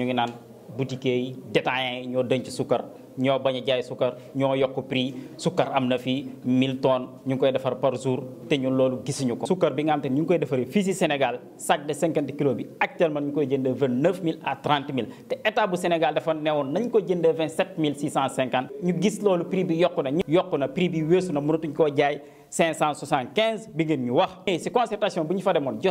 ñu ngi naan boutiquiers yi détaillants yi ñoo denc sukkar ñoo bañ a jaay sukkar ñoo yokk prix sukkar am na fii 1000 tonnes ñu ngi koy defar par jour te ñun loolu gisuñu ko. sukkar bi nga xam te ñu ngi koy defaree fii si Sénégal sac de 50 kilos bi actuellement ñu koy jëndee 29000 à 30000 te état bu Sénégal dafa newoon nañ ko jëndee 27650 ñu gis loolu prix bi yokku na. yokku na prix bi weesu na mënatuñ koo jaay. bi ngeen ñu wax. si concertation bu ñu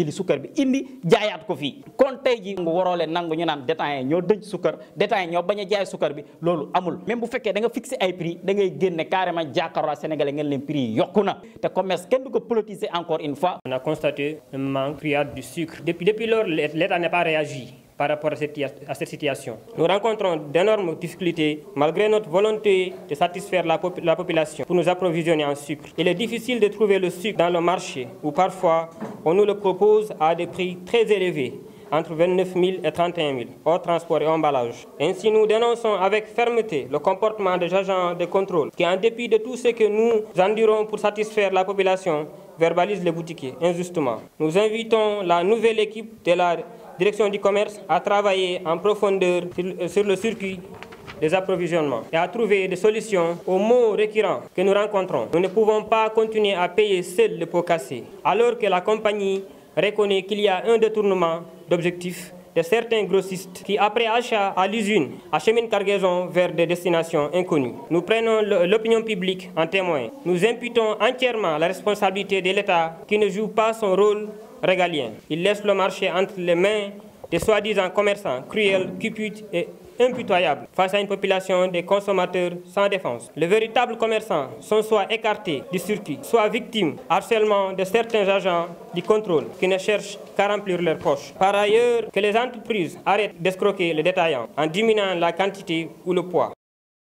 jëli sucre bi indi jaayaat ko fi kon tey ji nga waroo leen ñu naan détaillant ñoo dënc sucre détaillant ñoo baña jaay sucre bi lolu amul même bu féké da nga fixer ay prix da ngay génné carrément jàkkaarloo sénégalais ngeen leen prix yokuna té commerce kenn du ko politiser encore une fois on a constaté un manque criard du sucre depuis depuis lors l'État n'est pas réagi par rapport à cette, à cette, situation. Nous rencontrons d'énormes difficultés malgré notre volonté de satisfaire la, la population pour nous approvisionner en sucre. Il est difficile de trouver le sucre dans le marché où parfois on nous le propose à des prix très élevés, entre 29 000 et 31 000, hors transport et emballage. Ainsi, nous dénonçons avec fermeté le comportement des agents de contrôle qui, en dépit de tout ce que nous endurons pour satisfaire la population, verbalisent les boutiquiers injustement. Nous invitons la nouvelle équipe de la direction du commerce à travailler en profondeur sur le circuit des approvisionnements et à trouver des solutions aux maux récurrents que nous rencontrons. Nous ne pouvons pas continuer à payer seul le pot cassé, alors que la compagnie reconnaît qu'il y a un détournement d'objectifs de certains grossistes qui, après achat à l'usine, acheminent cargaison vers des destinations inconnues. Nous prenons l'opinion publique en témoin. Nous imputons entièrement la responsabilité de l'État qui ne joue pas son rôle régalien. Il laisse le marché entre les mains des soi-disant commerçants cruels, cupides et impitoyable face à une population de consommateurs sans défense. Les véritables commerçants sont soit écartés du circuit, soit victimes harcèlement de certains agents du contrôle qui ne cherchent qu'à remplir leurs poches. Par ailleurs, que les entreprises arrêtent d'escroquer les détaillants en diminuant la quantité ou le poids.